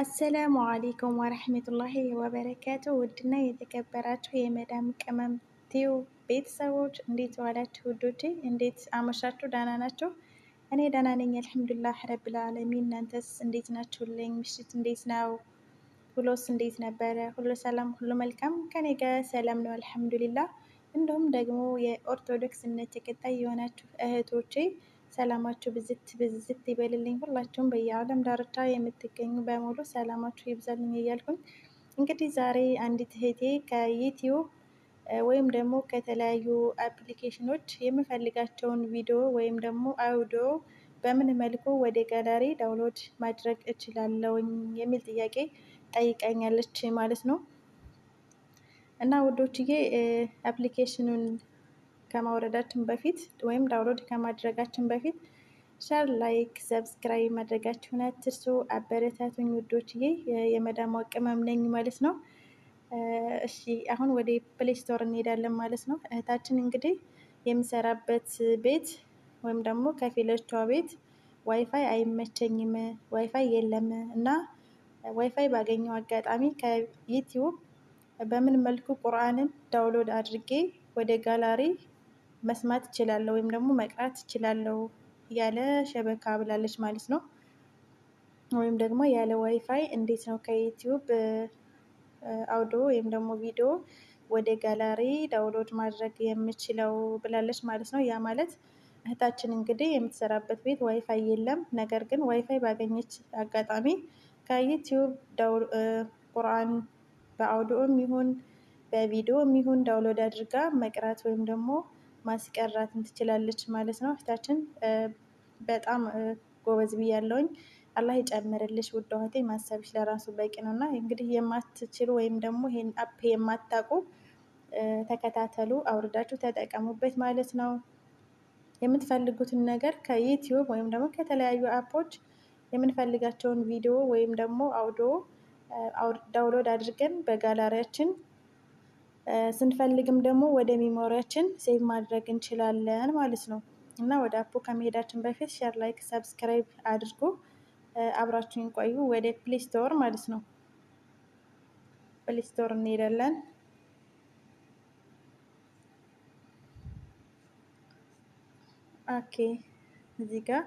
አሰላሙ አሌይኩም ወረህመቱላሂ ወበረካቱ። ውድና የተከበራችሁ የመዳም ቅመም ቲው ቤተሰቦች እንዴት ዋላችሁ? ውዶቼ እንዴት አመሻችሁ? ዳና ናችሁ? እኔ ዳና ነኝ አልሐምዱሊላህ ረብል ዓለሚን። እናንተስ እንዴት ናችሁልኝ? ምሽት እንዴት ነው? ሁሎስ እንዴት ነበረ? ሁሉ ሰላም፣ ሁሉ መልካም? ከኔ ጋ ሰላም ነው አልሐምዱሊላህ። እንዲሁም ደግሞ የኦርቶዶክስ እምነት ተከታይ የሆናችሁ እህቶቼ ሰላማችሁ ብዝት ብዝት ይበልልኝ። ሁላችሁም በየዓለም ዳርቻ የምትገኙ በሙሉ ሰላማችሁ ይብዛልኝ እያልኩኝ እንግዲህ ዛሬ አንዲት እህቴ ከዩቲዩብ ወይም ደግሞ ከተለያዩ አፕሊኬሽኖች የምፈልጋቸውን ቪዲዮ ወይም ደግሞ አውዲዮ በምን መልኩ ወደ ጋላሪ ዳውንሎድ ማድረግ እችላለሁኝ የሚል ጥያቄ ጠይቃኛለች ማለት ነው። እና ውዶችዬ አፕሊኬሽኑን ከማውረዳችን በፊት ወይም ዳውንሎድ ከማድረጋችን በፊት ሸር፣ ላይክ፣ ሰብስክራይብ ማድረጋችሁን አትርሱ። አበረታቱኝ ውዶችዬ፣ የመዳም ቅመም ነኝ ማለት ነው። እሺ አሁን ወደ ፕሌይ ስቶር እንሄዳለን ማለት ነው። እህታችን እንግዲህ የሚሰራበት ቤት ወይም ደግሞ ከፊሎቿ ቤት ዋይፋይ አይመቸኝም፣ ዋይፋይ የለም እና ዋይፋይ ባገኘው አጋጣሚ ከዩቲዩብ በምን መልኩ ቁርአንን ዳውንሎድ አድርጌ ወደ ጋላሪ መስማት እችላለሁ ወይም ደግሞ መቅራት እችላለሁ ያለ ሸበካ ብላለች ማለት ነው። ወይም ደግሞ ያለ ዋይፋይ እንዴት ነው ከዩቲዩብ አውዶ ወይም ደግሞ ቪዲዮ ወደ ጋላሪ ዳውንሎድ ማድረግ የምችለው ብላለች ማለት ነው። ያ ማለት እህታችን እንግዲህ የምትሰራበት ቤት ዋይፋይ የለም። ነገር ግን ዋይፋይ ባገኘች አጋጣሚ ከዩቲዩብ ቁርአን በአውዶም ይሁን በቪዲዮም ይሁን ዳውንሎድ አድርጋ መቅራት ወይም ደግሞ ማስቀራትን ትችላለች ማለት ነው። እህታችን በጣም ጎበዝ ብያለሁኝ። አላህ ይጨምርልሽ ውድ እህቴ፣ ማሰብሽ ለራሱ በቂ ነው። እና እንግዲህ የማትችሉ ወይም ደግሞ ይሄን አፕ የማታውቁ ተከታተሉ፣ አውርዳችሁ ተጠቀሙበት ማለት ነው። የምትፈልጉትን ነገር ከዩቲዩብ ወይም ደግሞ ከተለያዩ አፖች የምንፈልጋቸውን ቪዲዮ ወይም ደግሞ አውዶ ዳውንሎድ አድርገን በጋላሪያችን ስንፈልግም ደግሞ ወደ ሚሞሪያችን ሴቭ ማድረግ እንችላለን ማለት ነው። እና ወደ አፑ ከመሄዳችን በፊት ሼር፣ ላይክ፣ ሰብስክራይብ አድርጉ። አብራችሁን ቆዩ። ወደ ፕሌስቶር ማለት ነው። ፕሌስቶር እንሄዳለን። ኦኬ እዚህ ጋር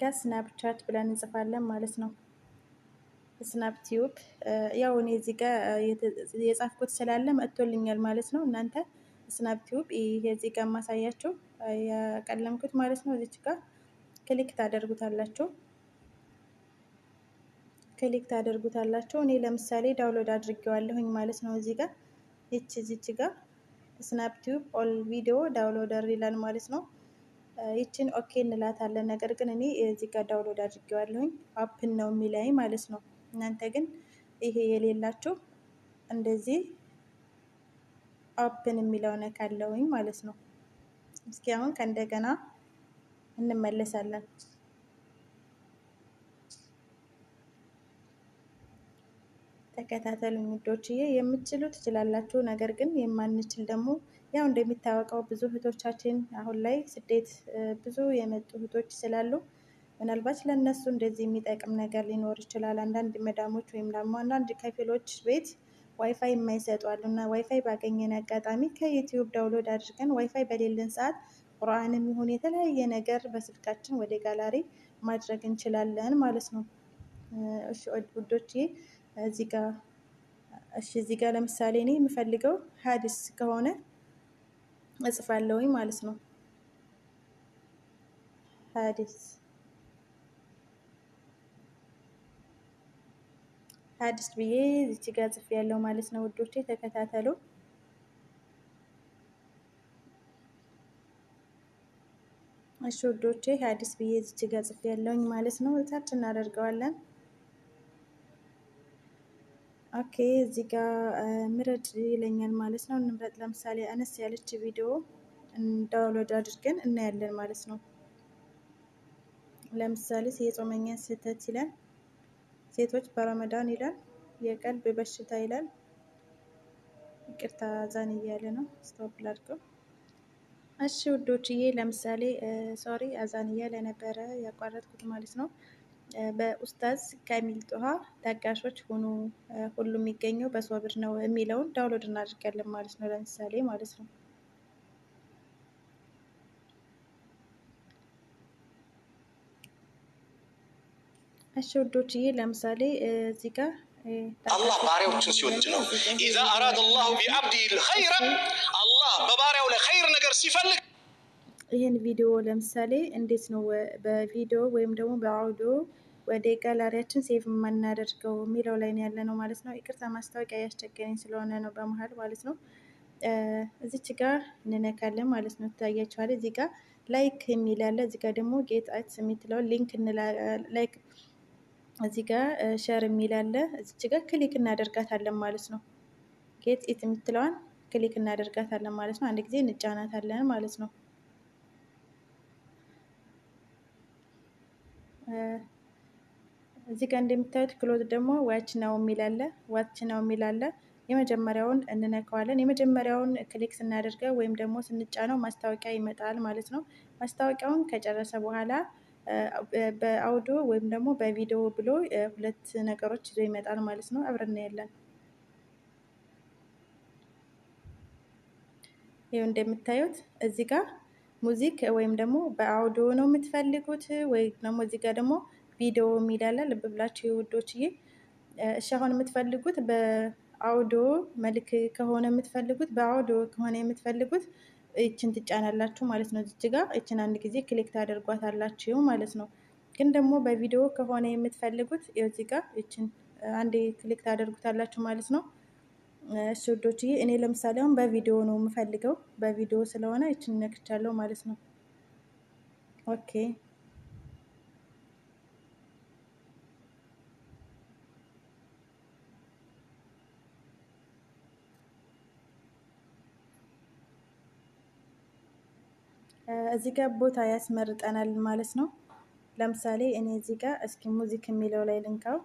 ጋር ስናፕቻት ብለን እንጽፋለን ማለት ነው። ስናፕቲዩብ ያው እኔ እዚህ ጋር የጻፍኩት ስላለ መጥቶልኛል ማለት ነው። እናንተ ስናፕቲዩብ ይሄ እዚህ ጋር ማሳያችሁ ያቀለምኩት ማለት ነው። እዚች ጋር ክሊክ ታደርጉታላችሁ ክሊክ ታደርጉታላችሁ። እኔ ለምሳሌ ዳውንሎድ አድርጌዋለሁኝ ማለት ነው። እዚህ ጋር እዚች ጋር ስናፕቲዩብ ኦል ቪዲዮ ዳውንሎደር ይላል ማለት ነው። ይችን ኦኬ እንላታለን። ነገር ግን እኔ እዚህ ጋር ዳውንሎድ አድርጌዋለሁኝ አፕን ነው የሚላይ ማለት ነው። እናንተ ግን ይሄ የሌላችሁ እንደዚህ አፕን የሚለው ካለውኝ ማለት ነው። እስኪ አሁን ከእንደገና እንመለሳለን። ተከታተሉ ውዶችዬ። የምትችሉ ትችላላችሁ፣ ነገር ግን የማንችል ደግሞ ያው እንደሚታወቀው ብዙ እህቶቻችን አሁን ላይ ስደት ብዙ የመጡ እህቶች ስላሉ ምናልባት ለእነሱ እንደዚህ የሚጠቅም ነገር ሊኖር ይችላል። አንዳንድ መዳሞች ወይም ደግሞ አንዳንድ ከፊሎች ቤት ዋይፋይ የማይሰጡ አሉ እና ዋይፋይ ባገኘን አጋጣሚ ከዩትዩብ ዳውንሎድ አድርገን ዋይፋይ በሌለን ሰዓት ቁርአንም ይሁን የተለያየ ነገር በስልካችን ወደ ጋላሪ ማድረግ እንችላለን ማለት ነው። እሺ ውዶቼ እዚህ ጋር እሺ እዚህ ጋር ለምሳሌ እኔ የምፈልገው ሀዲስ ከሆነ እጽፋለሁኝ ማለት ነው። ሀዲስ ሀዲስ ብዬ እዚች ጋ ጽፍ ያለው ማለት ነው ውዶቼ ተከታተሉ። እሺ ውዶቼ ሀዲስ ብዬ እዚች ጋ ጽፍ ያለውኝ ማለት ነው። እታች እናደርገዋለን። ኦኬ እዚህ ጋር ምረድ ይለኛል ማለት ነው። እንምረጥ። ለምሳሌ አነስ ያለች ቪዲዮ ዳውንሎድ አድርገን እናያለን ማለት ነው። ለምሳሌ የጾመኛ ስህተት ይላል፣ ሴቶች በረመዳን ይላል፣ የቀልብ በሽታ ይላል። ይቅርታ ዛን እያለ ነው። ስቶፕ ላድርገው። እሺ ውዶችዬ፣ ለምሳሌ ሶሪ አዛን እያለ ነበረ ያቋረጥኩት ማለት ነው። በኡስታዝ ካሚል ጦሃ ታጋሾች ሆኖ ሁሉ የሚገኘው በሶብር ነው የሚለውን ዳውንሎድ እናድርጋለን ማለት ነው። ለምሳሌ ማለት ነው እሺ ለምሳሌ እዚህ ጋር አላህ ባሪያዎችን ሲወድ ነው። ኢዛ አራድ አላሁ ቢአብዲሂል ኸይረ አላህ በባሪያው ላይ ኸይር ነገር ሲፈልግ ይህን ቪዲዮ ለምሳሌ እንዴት ነው በቪዲዮ ወይም ደግሞ በአውዲዮ ወደ ጋላሪያችን ሴቭ የማናደርገው የሚለው ላይ ያለ ነው ማለት ነው። ይቅርታ ማስታወቂያ ያስቸገረኝ ስለሆነ ነው በመሀል ማለት ነው። እዚች ጋር እንነካለን ማለት ነው። ትታያችኋል። እዚህ ጋር ላይክ የሚላለ እዚህ ጋር ደግሞ ጌት አት የሚትለው ሊንክ ላይክ እዚህ ጋር ሸር የሚላለ እዚች ጋር ክሊክ እናደርጋታለን ማለት ነው። ጌት ኢት የምትለዋን ክሊክ እናደርጋታለን ማለት ነው። አንድ ጊዜ እንጫናታለን ማለት ነው። እዚህ ጋር እንደምታዩት ክሎዝ ደግሞ ዋች ነው የሚላለ ዋች ነው የሚላለ የመጀመሪያውን እንነካዋለን። የመጀመሪያውን ክሊክ ስናደርገው ወይም ደግሞ ስንጫነው ማስታወቂያ ይመጣል ማለት ነው። ማስታወቂያውን ከጨረሰ በኋላ በአውዲዮ ወይም ደግሞ በቪዲዮ ብሎ ሁለት ነገሮች ይዞ ይመጣል ማለት ነው። አብረን እናያለን። ይኸው እንደምታዩት እዚህ ጋር ሙዚክ ወይም ደግሞ በአውዲዮ ነው የምትፈልጉት ወይ ደግሞ እዚህ ጋር ደግሞ ቪዲዮ የሚላለ ልብ ብላችሁ ይ እሺ አሁን የምትፈልጉት በአውዲዮ መልክ ከሆነ የምትፈልጉት በአውዲዮ ከሆነ የምትፈልጉት ይችን ትጫናላችሁ ማለት ነው። እዚች ጋር ይችን አንድ ጊዜ ክሊክ ታደርጓታላችሁ ማለት ነው። ግን ደግሞ በቪዲዮ ከሆነ የምትፈልጉት እዚህ ጋር ይችን አንዴ ክሊክ ታደርጉታላችሁ ማለት ነው። እሺ እኔ ለምሳሌ አሁን በቪዲዮ ነው የምፈልገው። በቪዲዮ ስለሆነ ይችን ነክቻለሁ ማለት ነው። ኦኬ እዚህ ጋር ቦታ ያስመርጠናል ማለት ነው። ለምሳሌ እኔ እዚህ ጋር እስኪ ሙዚክ የሚለው ላይ ልንካው።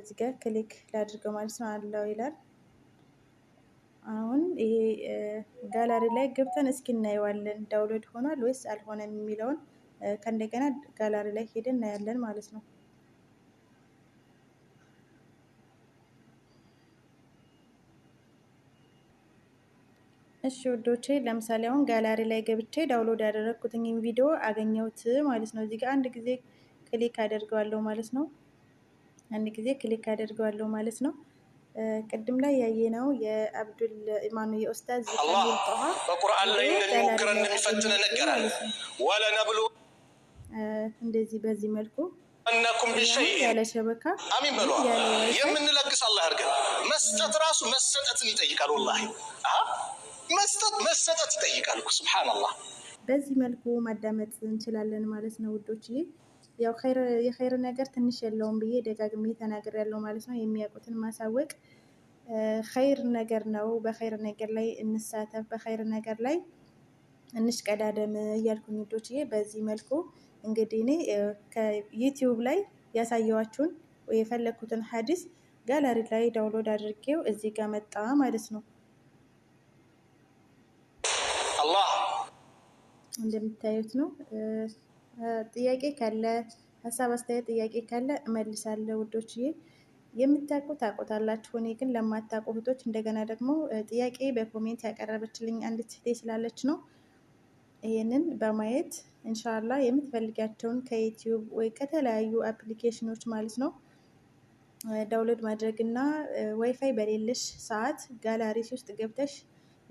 እዚህ ጋር ክሊክ ላድርገው ማለት ነው። አለው ይላል አሁን ይሄ ጋላሪ ላይ ገብተን እስኪ እናየዋለን ዳውሎድ ሆኗል ወይስ አልሆነም የሚለውን ከእንደገና ጋላሪ ላይ ሄደን እናያለን ማለት ነው። እሺ ውዶቼ ለምሳሌ አሁን ጋላሪ ላይ ገብቼ ዳውንሎድ ያደረግኩትን ቪዲዮ አገኘሁት ማለት ነው። እዚህ ጋር አንድ ጊዜ ክሊክ አደርገዋለሁ ማለት ነው። አንድ ጊዜ ክሊክ አደርገዋለሁ ማለት ነው። ቅድም ላይ ያየነው የአብዱል ኢማኑ የኡስታዝ በቁርአን ላይ እንደሚሞክረን እንደሚፈትነ ነገራል። ወለነብሉ እንደዚህ በዚህ መልኩ እነኩም ቢሸይ ያለ ሸበካ አሚን በሏ የምንለግስ አላህ ያድርገን። መስጠት ራሱ መሰጠትን ይጠይቃል። ወላሂ መስጠት መሰጠት ይጠይቃል። ሱብሃነላህ በዚህ መልኩ ማዳመጥ እንችላለን ማለት ነው ውዶችዬ። ያው የኸይር ነገር ትንሽ የለውም ብዬ ደጋግሜ ተናገር ያለው ማለት ነው። የሚያውቁትን ማሳወቅ ኸይር ነገር ነው። በኸይር ነገር ላይ እንሳተፍ፣ በኸይር ነገር ላይ እንሽቀዳደም እያልኩኝ ውዶቼ፣ በዚህ መልኩ እንግዲህ እኔ ከዩቲዩብ ላይ ያሳየዋችሁን የፈለግኩትን ሀዲስ ጋላሪ ላይ ዳውንሎድ አድርጌው እዚህ ጋር መጣ ማለት ነው። እንደምታዩት ነው። ጥያቄ ካለ ሀሳብ፣ አስተያየት፣ ጥያቄ ካለ እመልሳለሁ ውዶችዬ። የምታውቁ ታውቁታላችሁ፣ እኔ ግን ለማታውቁ እህቶች እንደገና ደግሞ ጥያቄ በኮሜንት ያቀረበችልኝ አንዲት እህቴ ስላለች ነው። ይህንን በማየት እንሻላ የምትፈልጋቸውን ከዩትዩብ ወይ ከተለያዩ አፕሊኬሽኖች ማለት ነው ዳውንሎድ ማድረግና ዋይፋይ በሌለሽ ሰዓት ጋላሪስ ውስጥ ገብተሽ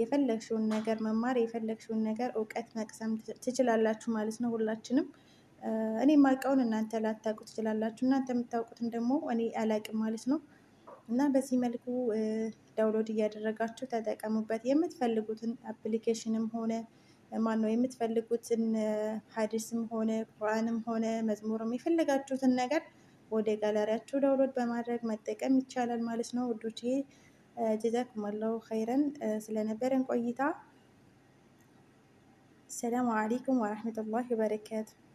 የፈለግሽውን ነገር መማር የፈለግሽውን ነገር እውቀት መቅሰም ትችላላችሁ ማለት ነው። ሁላችንም እኔ የማውቀውን እናንተ ላታውቁ ትችላላችሁ፣ እናንተ የምታውቁትን ደግሞ እኔ አላውቅም ማለት ነው። እና በዚህ መልኩ ዳውንሎድ እያደረጋችሁ ተጠቀሙበት። የምትፈልጉትን አፕሊኬሽንም ሆነ ማን ነው የምትፈልጉትን ሀዲስም ሆነ ቁርአንም ሆነ መዝሙርም የፈለጋችሁትን ነገር ወደ ጋለሪያችሁ ዳውንሎድ በማድረግ መጠቀም ይቻላል ማለት ነው ውዶችዬ። آه، جزاكم الله خيرا آه، سلنبرن قويتا السلام عليكم ورحمة الله وبركاته